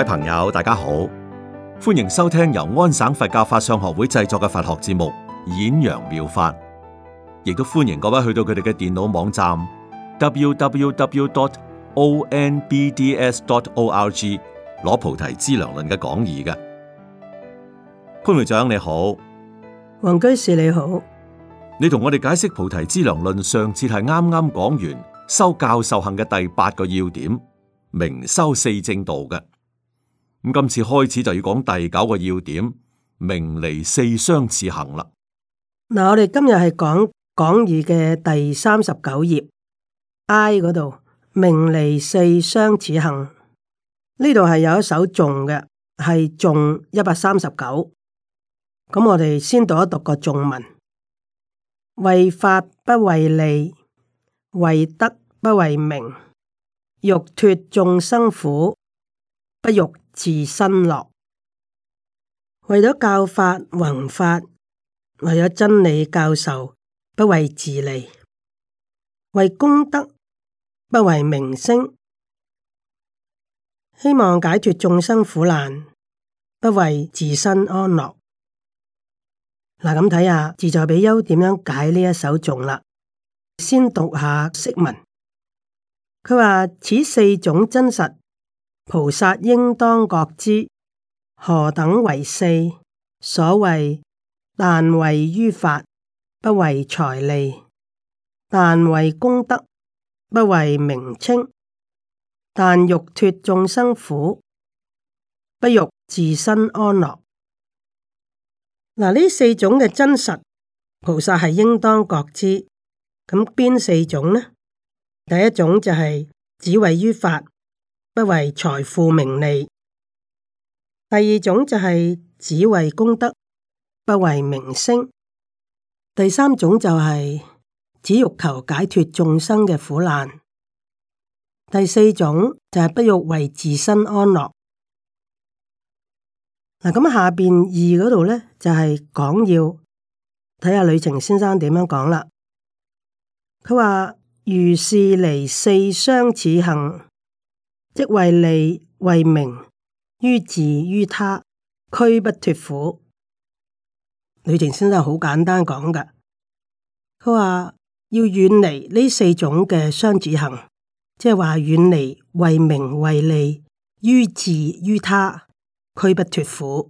各位朋友，大家好，歡迎收聽由安省佛教法相學會製作嘅佛學節目《演揚妙法》，亦都歡迎各位去到佢哋嘅電腦網站 www.onbds.org 攞《菩提資糧論》嘅講義嘅。潘會長你好，黃居士你好，你同我哋解釋《菩提資糧論》，上次係啱啱講完修教受行嘅第八個要點，明修四正道嘅。咁今次開始就要講第九個要點：名利四相此行,行」。啦。嗱，我哋今日係講講義嘅第三十九頁 I 嗰度，名利四相此行」，呢度係有一首頌嘅，係頌一百三十九。咁我哋先讀一讀個頌文：為法不為利，為德不為名，欲脱眾生苦，不欲。自身樂，為咗教法弘法，為咗真理教授，不為自利，為功德，不為名聲，希望解決眾生苦難，不為自身安樂。嗱，咁睇下自在比丘點樣解呢一首頌啦。先讀下釋文，佢話此四種真實。菩薩應當覺知何等為四？所謂但為於法，不為財利；但為功德，不為名稱；但欲脱眾生苦，不欲自身安樂。嗱，呢四種嘅真實，菩薩係應當覺知。咁邊四種呢？第一種就係、是、只為於法，不為財富名利，第二種就係只為功德，不為名聲；第三種就係只欲求解脫眾生嘅苦難；第四種就係不欲為自身安樂。嗱、啊，咁下邊二嗰度咧就係、是、講要睇下呂澄先生點樣講啦。佢話如是離四相此行，即為利為名於自於他趨不脱苦，呂靜先生好簡單講㗎，佢話要遠離呢四種嘅雙子行，即係話遠離為名為利於自於他趨不脱苦。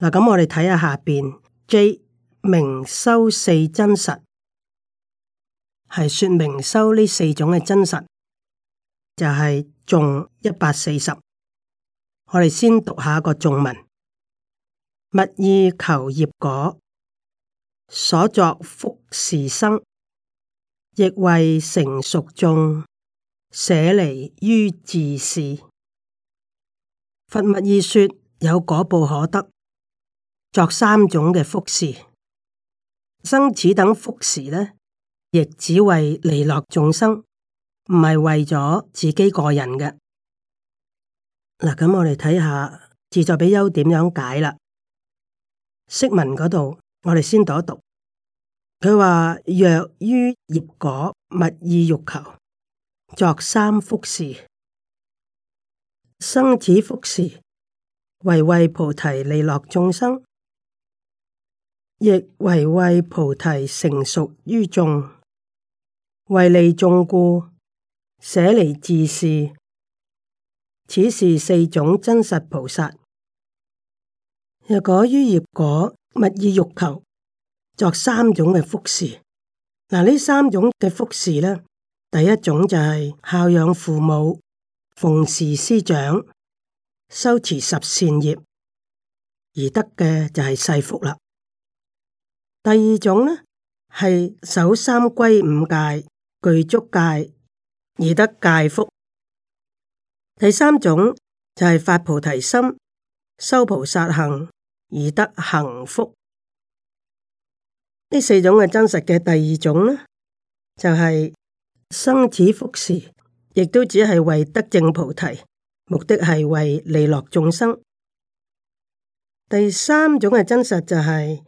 嗱，咁我哋睇下下邊 J 明修四真實，係說明修呢四種嘅真實。就係眾一百四十，我哋先讀下個眾文。物以求業果，所作福事生，亦為成熟眾捨離於自是。」佛物以說有果報可得，作三種嘅福事生，此等福事呢，亦只為利樂眾生。唔係為咗自己個人嘅。嗱，咁我哋睇下自在比丘點樣解啦。釋文嗰度我哋先讀一讀，佢話若於業果勿以欲求作三福事：「生子福事為為菩提利樂眾生，亦為為菩提成熟於眾，為利眾故。捨離自是，此是四種真實菩薩，若果於業果勿以欲求作三種嘅福事。嗱，呢三種嘅福事咧，第一種就係孝養父母、奉事師長、修持十善業而得嘅就係世福啦。第二種咧，係守三歸五戒、具足戒。而得戒福。第三種就係發菩提心、修菩薩行而得行福。呢四種嘅真實嘅第二種呢，就係生子福事，亦都只係為得正菩提，目的係為利樂眾生。第三種嘅真實就係，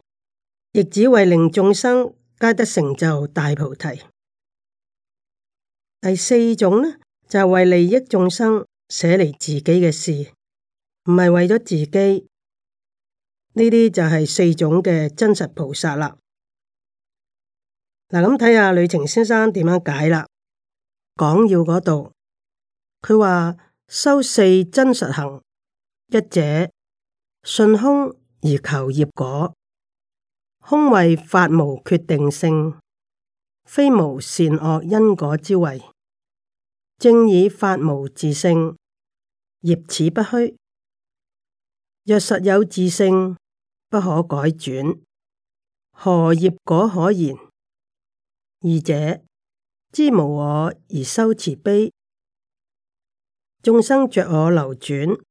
亦只為令眾生皆得成就大菩提。第四種呢，就係為利益眾生捨離自己嘅事，唔係為咗自己。呢啲就係四種嘅真實菩薩啦。嗱，咁睇下呂程先生點樣解啦。講要嗰度，佢話修四真實行，一者信空而求業果，空為法無決定性，非無善惡因果之謂。正以法無自性，業此不虛。若實有自性，不可改轉，何業果可言？二者知無我而修慈悲，眾生着我流轉，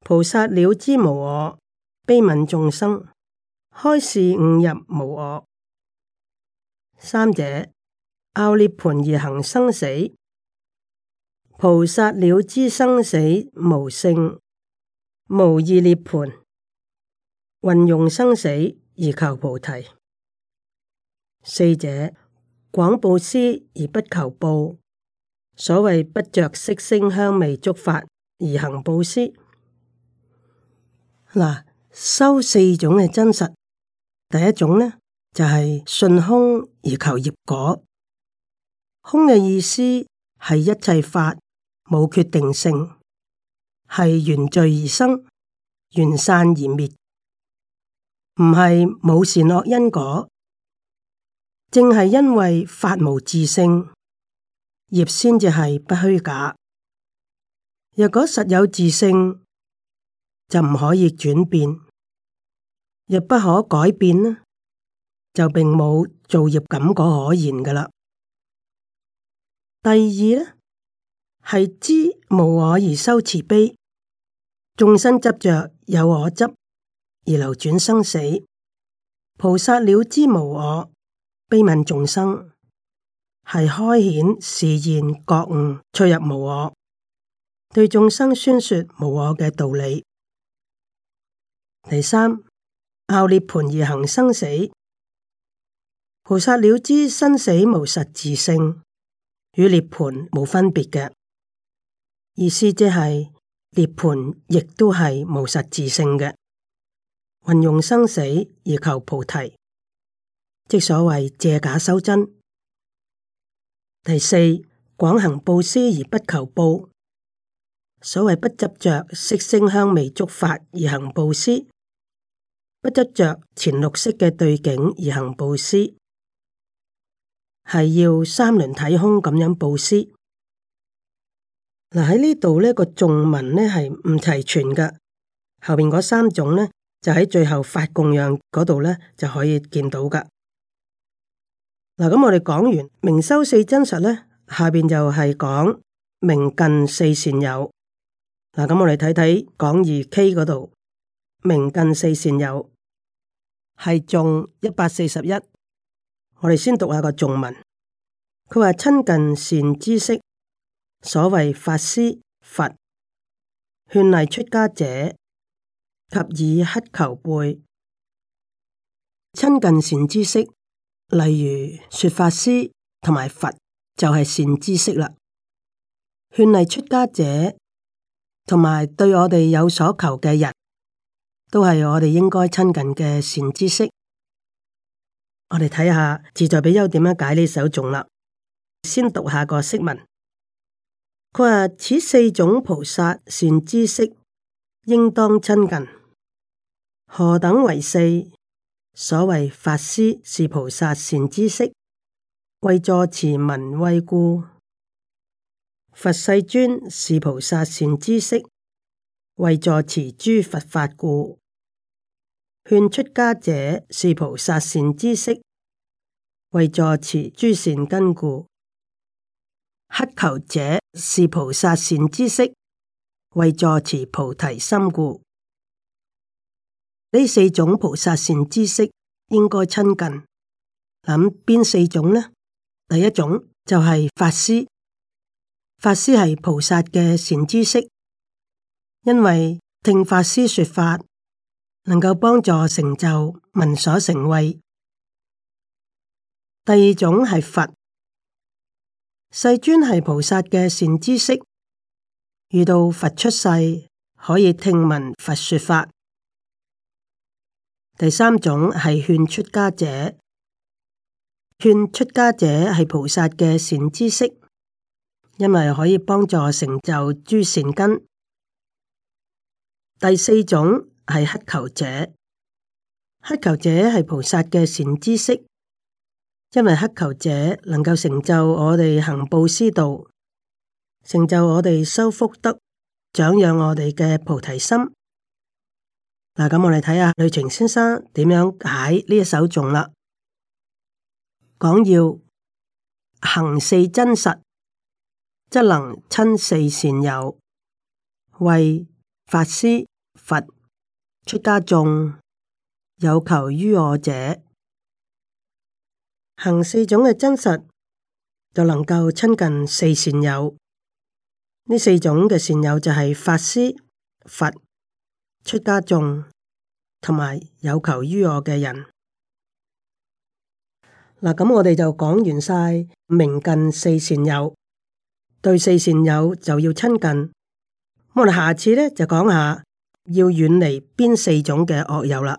菩薩了知無我，悲憫眾生，開示悟入無我。三者拗涅槃而行生死。菩薩了知生死無性，無二涅盤，運用生死而求菩提。四者廣布施而不求報，所謂不着色聲香味觸法而行布施。嗱，修四種嘅真實，第一種呢就係、是、信空而求業果，空嘅意思係一切法，冇決定性，係緣聚而生，緣散而滅，唔係冇善惡因果，正係因為法無自性，業先至係不虛假。若果實有自性，就唔可以轉變，若不可改變呢，就並冇造業感果可言噶啦。第二呢？係知無我而修慈悲，眾生執着有我執而流轉生死，菩薩了知無我，悲憫眾生，係開顯示現覺悟，出入無我，對眾生宣說無我嘅道理。第三，拗涅槃而行生死，菩薩了知生死無實自性，與涅槃無分別嘅。意思即係涅槃亦都係無實質性嘅，運用生死而求菩提，即所謂借假修真。第四，廣行布施而不求報，所謂不執着色聲香味觸法而行布施，不執着前六識嘅對境而行布施，係要三輪體空咁樣布施。嗱，喺、啊、呢度咧個眾文咧係唔齊全噶，後邊嗰三種咧就喺最後發供養嗰度咧就可以見到噶。嗱、啊，咁我哋講完明修四真實咧，下邊就係講明近四善友。嗱、啊，咁我哋睇睇講二 K 嗰度，明近四善友係頌一百四十一。我哋先讀一下一個頌文，佢話親近善知識。所謂法師，佛，勸勵出家者，及以乞求輩，親近善知識。例如說法師同埋佛就係、是、善知識啦。勸勵出家者同埋對我哋有所求嘅人，都係我哋應該親近嘅善知識。我哋睇下自在比丘點樣解呢首頌啦。先讀下個釋文。佢話：此四種菩薩善知識，應當親近。何等為四？所謂法師是菩薩善知識，為助持聞慧故；佛世尊是菩薩善知識，為助持諸佛法故；勸出家者是菩薩善知識，為助持諸善根故。乞求者是菩薩善知識，為助持菩提心故，呢四種菩薩善知識應該親近。諗邊四種呢？第一種就係法師，法師係菩薩嘅善知識，因為聽法師說法，能夠幫助成就聞所成慧。第二種係佛。世尊係菩薩嘅善知識，遇到佛出世，可以聽聞佛說法。第三種係勸出家者，勸出家者係菩薩嘅善知識，因為可以幫助成就諸善根。第四種係乞求者，乞求者係菩薩嘅善知識。因為乞求者能夠成就我哋行布施道，成就我哋修福德，長養我哋嘅菩提心。嗱，咁我哋睇下呂澂先生點樣解呢一首頌啦。講，要行四真實，則能親四善友，為法師、佛、出家眾、有求於我者。行四種嘅真實，就能夠親近四善友。呢四種嘅善友就係法師、佛、出家眾同埋有求於我嘅人。嗱，咁我哋就講完晒明近四善友，對四善友就要親近。我哋下次呢就講下要遠離邊四種嘅惡友啦。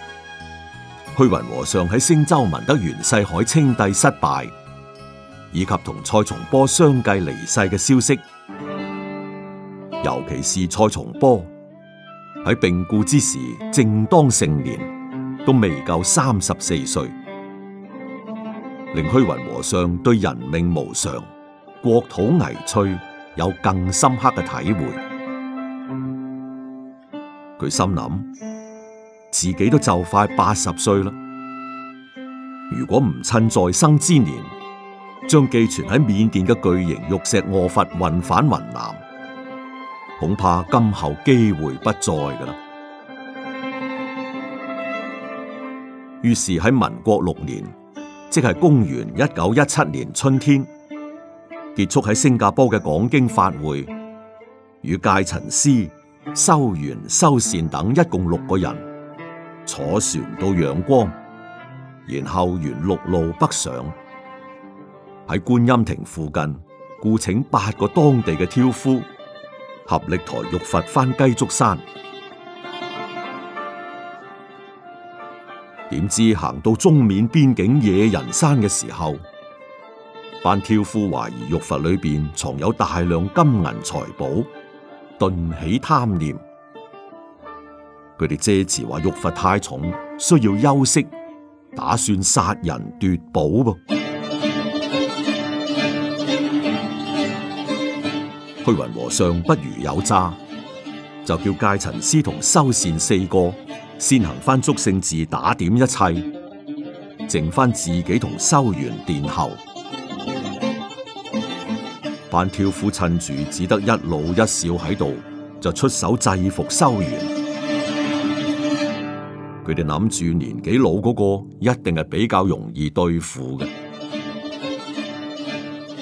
虛雲和尚喺星洲聞得袁世凱稱帝失敗，以及同蔡松波相繼離世嘅消息，尤其是蔡松波喺病故之時正當盛年，都未夠三十四歲，令虛雲和尚對人命無常、國土危脆有更深刻嘅體會。佢心諗。自己都就快八十歲啦，如果唔趁在生之年，將寄存喺緬甸嘅巨型玉石卧佛運返雲南，恐怕今後機會不再噶啦。於是喺民國六年，即係公元一九一七年春天，結束喺新加坡嘅講經法會，與戒塵師、修緣、修善等一共六個人。坐船到仰光，然後沿陸路北上，喺觀音亭附近僱請八個當地嘅挑夫，合力抬玉佛返雞足山。點知行到中緬邊境野人山嘅時候，班挑夫懷疑玉佛裏邊藏有大量金銀財寶，頓起貪念。佢哋借詞話玉佛太重，需要休息，打算殺人奪寶噃。虛雲和尚不如有詐，就叫戒塵師同修善四個先行翻祝聖寺打點一切，剩翻自己同修元殿後。班挑夫趁住只得一老一少喺度，就出手制服修元。佢哋諗住年紀老嗰個一定係比較容易對付嘅。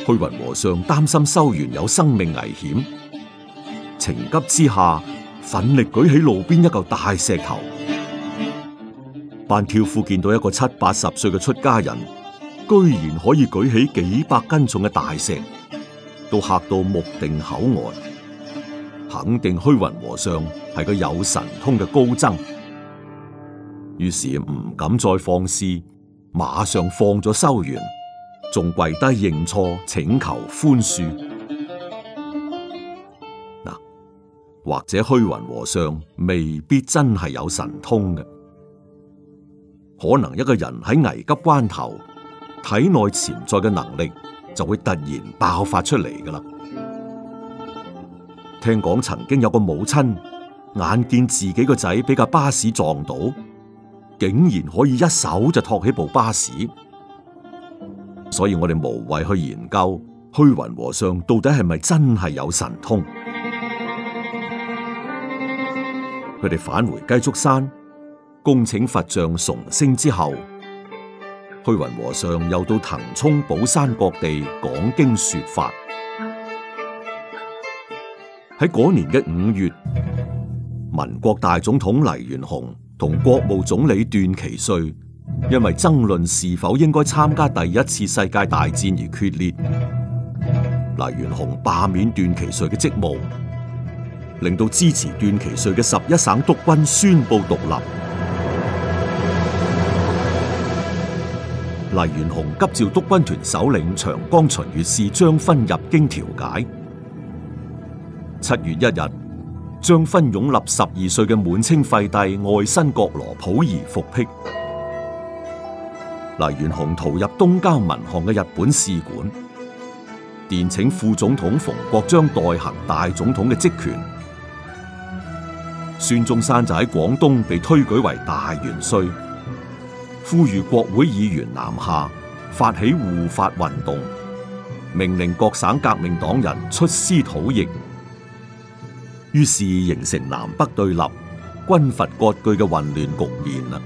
虛雲和尚擔心修完有生命危險，情急之下，奮力舉起路邊一嚿大石頭。班轎夫見到一個七八十歲嘅出家人，居然可以舉起幾百斤重嘅大石，都嚇到目定口呆。肯定虛雲和尚係個有神通嘅高僧。於是唔敢再放肆，馬上放咗修緣，仲跪低認錯請求寬恕。嗱、啊，或者虛雲和尚未必真係有神通嘅，可能一個人喺危急關頭，體內潛在嘅能力就會突然爆發出嚟噶啦。聽講曾經有個母親，眼見自己個仔俾架巴士撞到。竟然可以一手就托起部巴士，所以我哋無謂去研究虛雲和尚到底係咪真係有神通。佢哋返回雞足山，恭請佛像崇升之後，虛雲和尚又到騰衝、保山各地講經說法。喺嗰年嘅五月，民國大總統黎元洪。同國務總理段祺瑞因為爭論是否應該參加第一次世界大戰而決裂，黎元洪罷免段祺瑞嘅職務，令到支持段祺瑞嘅十一省督軍宣布獨立。黎元洪急召督軍團首領長江巡閱使張勳入京調解。七月一日。張勳擁立十二歲嘅滿清廢帝愛新覺羅溥儀復辟，黎元洪逃入東交民巷嘅日本使館，電請副總統馮國璋代行大總統嘅職權。孫中山就喺廣東被推舉為大元帥，呼籲國會議員南下，發起護法運動，命令各省革命黨人出師討逆。於是形成南北對立、軍閥割據嘅混亂局面啦。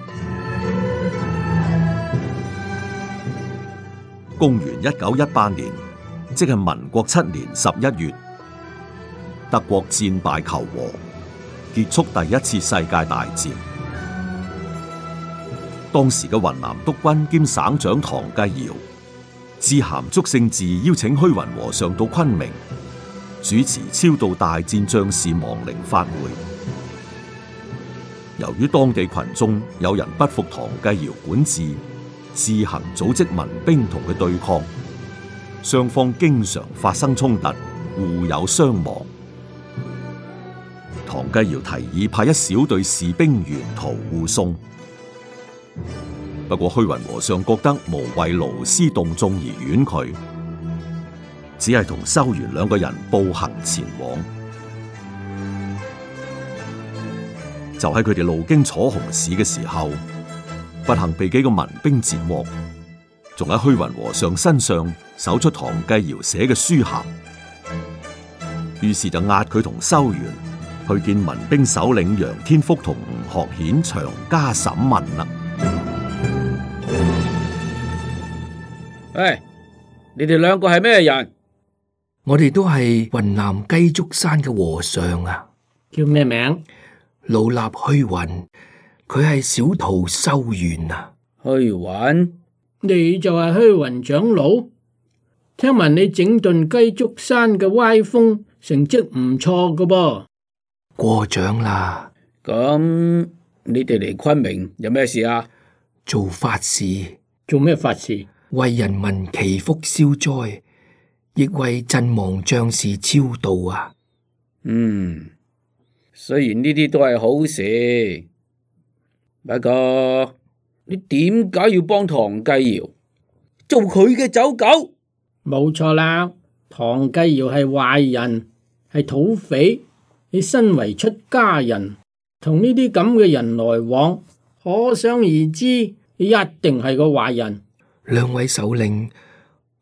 公元一九一八年，即係民國七年十一月，德國戰敗求和，結束第一次世界大戰。當時嘅雲南督軍兼省長唐繼堯，致函祝聖寺，邀請虛雲和尚到昆明。主持超度大戰將士亡靈法會。由於當地群眾有人不服唐繼堯管治，自行組織民兵同佢對抗，雙方經常發生衝突，互有傷亡。唐繼堯提議派一小隊士兵沿途護送，不過虛雲和尚覺得無謂勞師動眾而婉拒。只係同修元兩個人步行前往，就喺佢哋路經楚雄市嘅時候，不幸被幾個民兵截獲，仲喺虛雲和尚身上搜出唐繼堯寫嘅書函，於是就押佢同修元去見民兵首領楊天福同吳學顯長加審問啦。喂，你哋兩個係咩人？我哋都係雲南雞足山嘅和尚啊。叫咩名？老衲虛雲，佢係小徒修遠啊。虛雲玩，你就係虛雲長老。聽聞你整頓雞足山嘅歪風成績，成績唔錯噶噃。過獎啦。咁你哋嚟昆明有咩事啊？做法事。做咩法事？為人民祈福消災。亦為陣亡將士超度啊！嗯，雖然呢啲都係好事，不過你點解要幫唐繼堯做佢嘅走狗？冇錯啦，唐繼堯係壞人，係土匪。你身為出家人，同呢啲咁嘅人來往，可想而知，你一定係個壞人。兩位首領。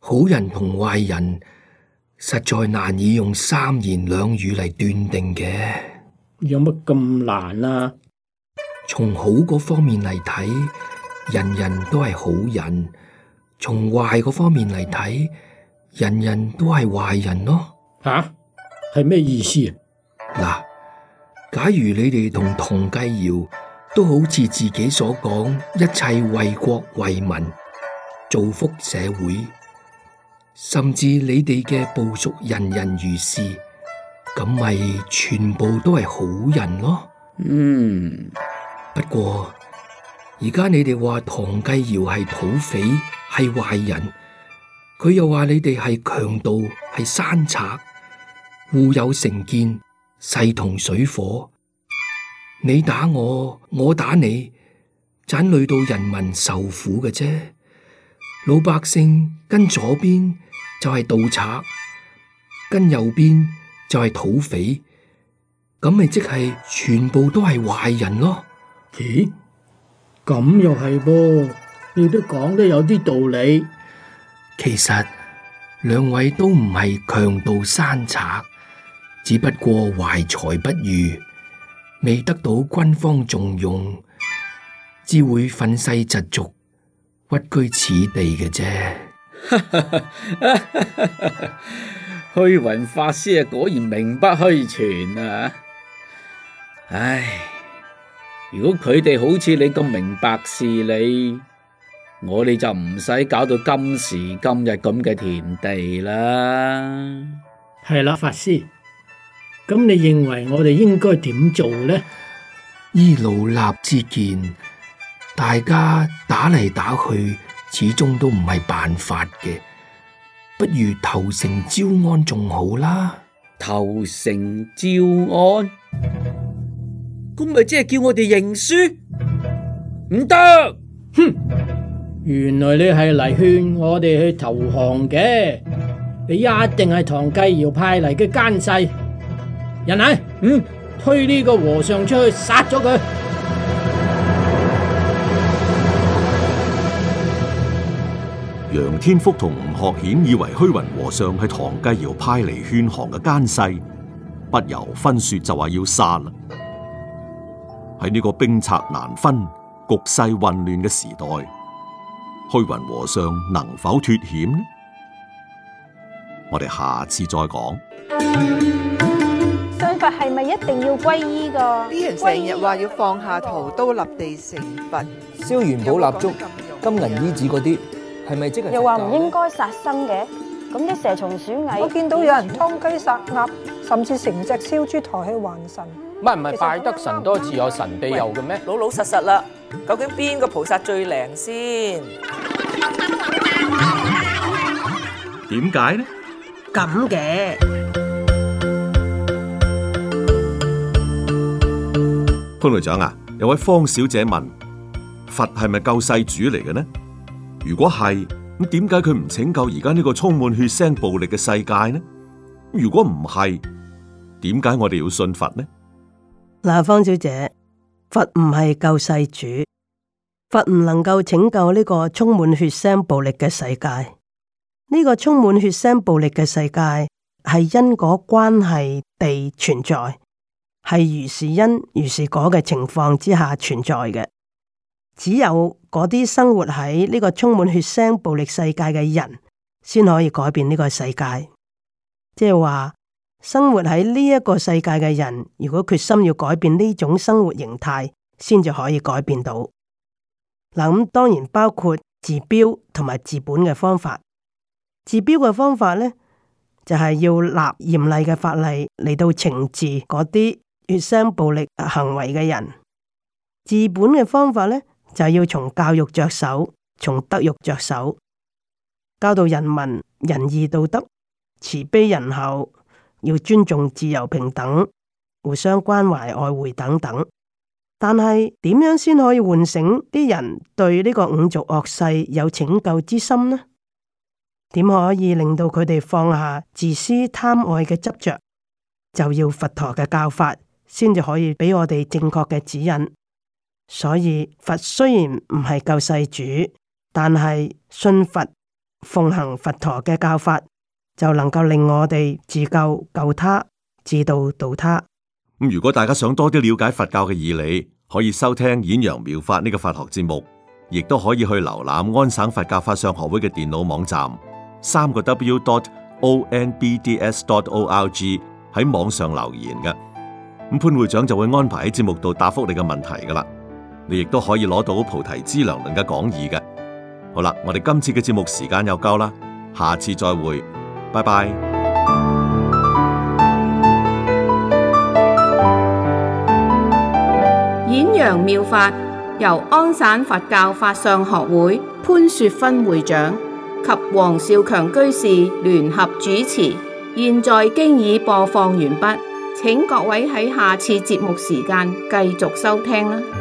好人同壞人實在難以用三言兩語嚟斷定嘅。有乜咁難啊？從好嗰方面嚟睇，人人都係好人；從壞嗰方面嚟睇，人人都係壞人咯。吓、啊，係咩意思？嗱、啊，假如你哋同唐繼堯都好似自己所講，一切為國為民，造福社會。甚至你哋嘅部屬人人如是，咁咪全部都係好人咯？嗯，不過而家你哋話唐繼堯係土匪係壞人，佢又話你哋係強盜係山賊，互有成見，勢同水火，你打我，我打你，盞累到人民受苦嘅啫，老百姓跟咗邊。就係盜賊，跟右邊就係土匪，咁咪即係全部都係壞人咯？咦，咁又係噃？你都講得有啲道理。其實兩位都唔係強盜山賊，只不過懷才不遇，未得到軍方重用，只會憤世疾俗，屈居此地嘅啫。哈哈哈！啊哈哈哈！虛雲法師啊，果然名不虛傳啊！唉，如果佢哋好似你咁明白事理，我哋就唔使搞到今時今日咁嘅田地啦。係啦，法師，咁你認為我哋應該點做呢？依老衲之見，大家打嚟打去，始終都唔係辦法嘅，不如投誠招安仲好啦。投誠招安，咁咪即係叫我哋認輸？唔得，哼！原來你係嚟勸我哋去投降嘅，你一定係唐繼堯派嚟嘅奸細。人嚟，嗯，推呢個和尚出去殺咗佢。楊天福同吳學顯以為虛雲和尚係唐繼堯派嚟勸降嘅奸細，不由分說就話要殺啦。喺呢個兵策難分、局勢混亂嘅時代，虛雲和尚能否脱險呢？我哋下次再講。信佛係咪一定要皈依㗎？啲人成日話要放下屠刀立地成佛，燒元寶、蠟燭、金銀衣紙嗰啲。係咪即係又話唔應該殺生嘅？咁啲蛇蟲鼠蟻，我見到有人劏雞殺鴨，甚至成隻燒豬抬起還神。唔係唔係，拜得神多自有神庇佑嘅咩？老老實實啦，究竟邊個菩薩最靈先？點解呢？咁嘅潘隊長啊，有位方小姐問：佛係咪救世主嚟嘅呢？如果係咁，點解佢唔拯救而家呢個充滿血腥暴力嘅世界呢？如果唔係，點解我哋要信佛呢？嗱，方小姐，佛唔係救世主，佛唔能夠拯救呢個充滿血腥暴力嘅世界。呢個充滿血腥暴力嘅世界係因果關係地存在，係如是因如是果嘅情況之下存在嘅。只有嗰啲生活喺呢個充滿血腥暴力世界嘅人，先可以改變呢個世界。即係話，生活喺呢一個世界嘅人，如果決心要改變呢種生活形態，先至可以改變到。嗱，咁當然包括治標同埋治本嘅方法。治標嘅方法咧，就係、是、要立嚴厲嘅法例嚟到懲治嗰啲血腥暴力行為嘅人。治本嘅方法咧，就要從教育着手，從德育着手，教導人民仁義道德、慈悲仁厚，要尊重自由平等、互相關懷愛護等等。但係點樣先可以喚醒啲人對呢個五濁惡世有拯救之心呢？點可以令到佢哋放下自私貪愛嘅執着？就要佛陀嘅教法先至可以畀我哋正確嘅指引。所以佛雖然唔係救世主，但係信佛奉行佛陀嘅教法就能夠令我哋自救救他，自度度他。咁如果大家想多啲了解佛教嘅義理，可以收聽演揚妙、這個、法呢個佛學節目，亦都可以去瀏覽安省佛教法相學會嘅電腦網站，三個 w dot o n b d s dot o r g 喺網上留言噶。咁潘會長就會安排喺節目度答覆你嘅問題噶啦。你亦都可以攞到菩提之糧論嘅講義嘅。好啦，我哋今次嘅節目時間又夠啦，下次再會，拜拜。演揚妙法由安省佛教法相學會潘雪芬會長及黃少強居士聯合主持，現在已經已播放完畢，請各位喺下次節目時間繼續收聽啦。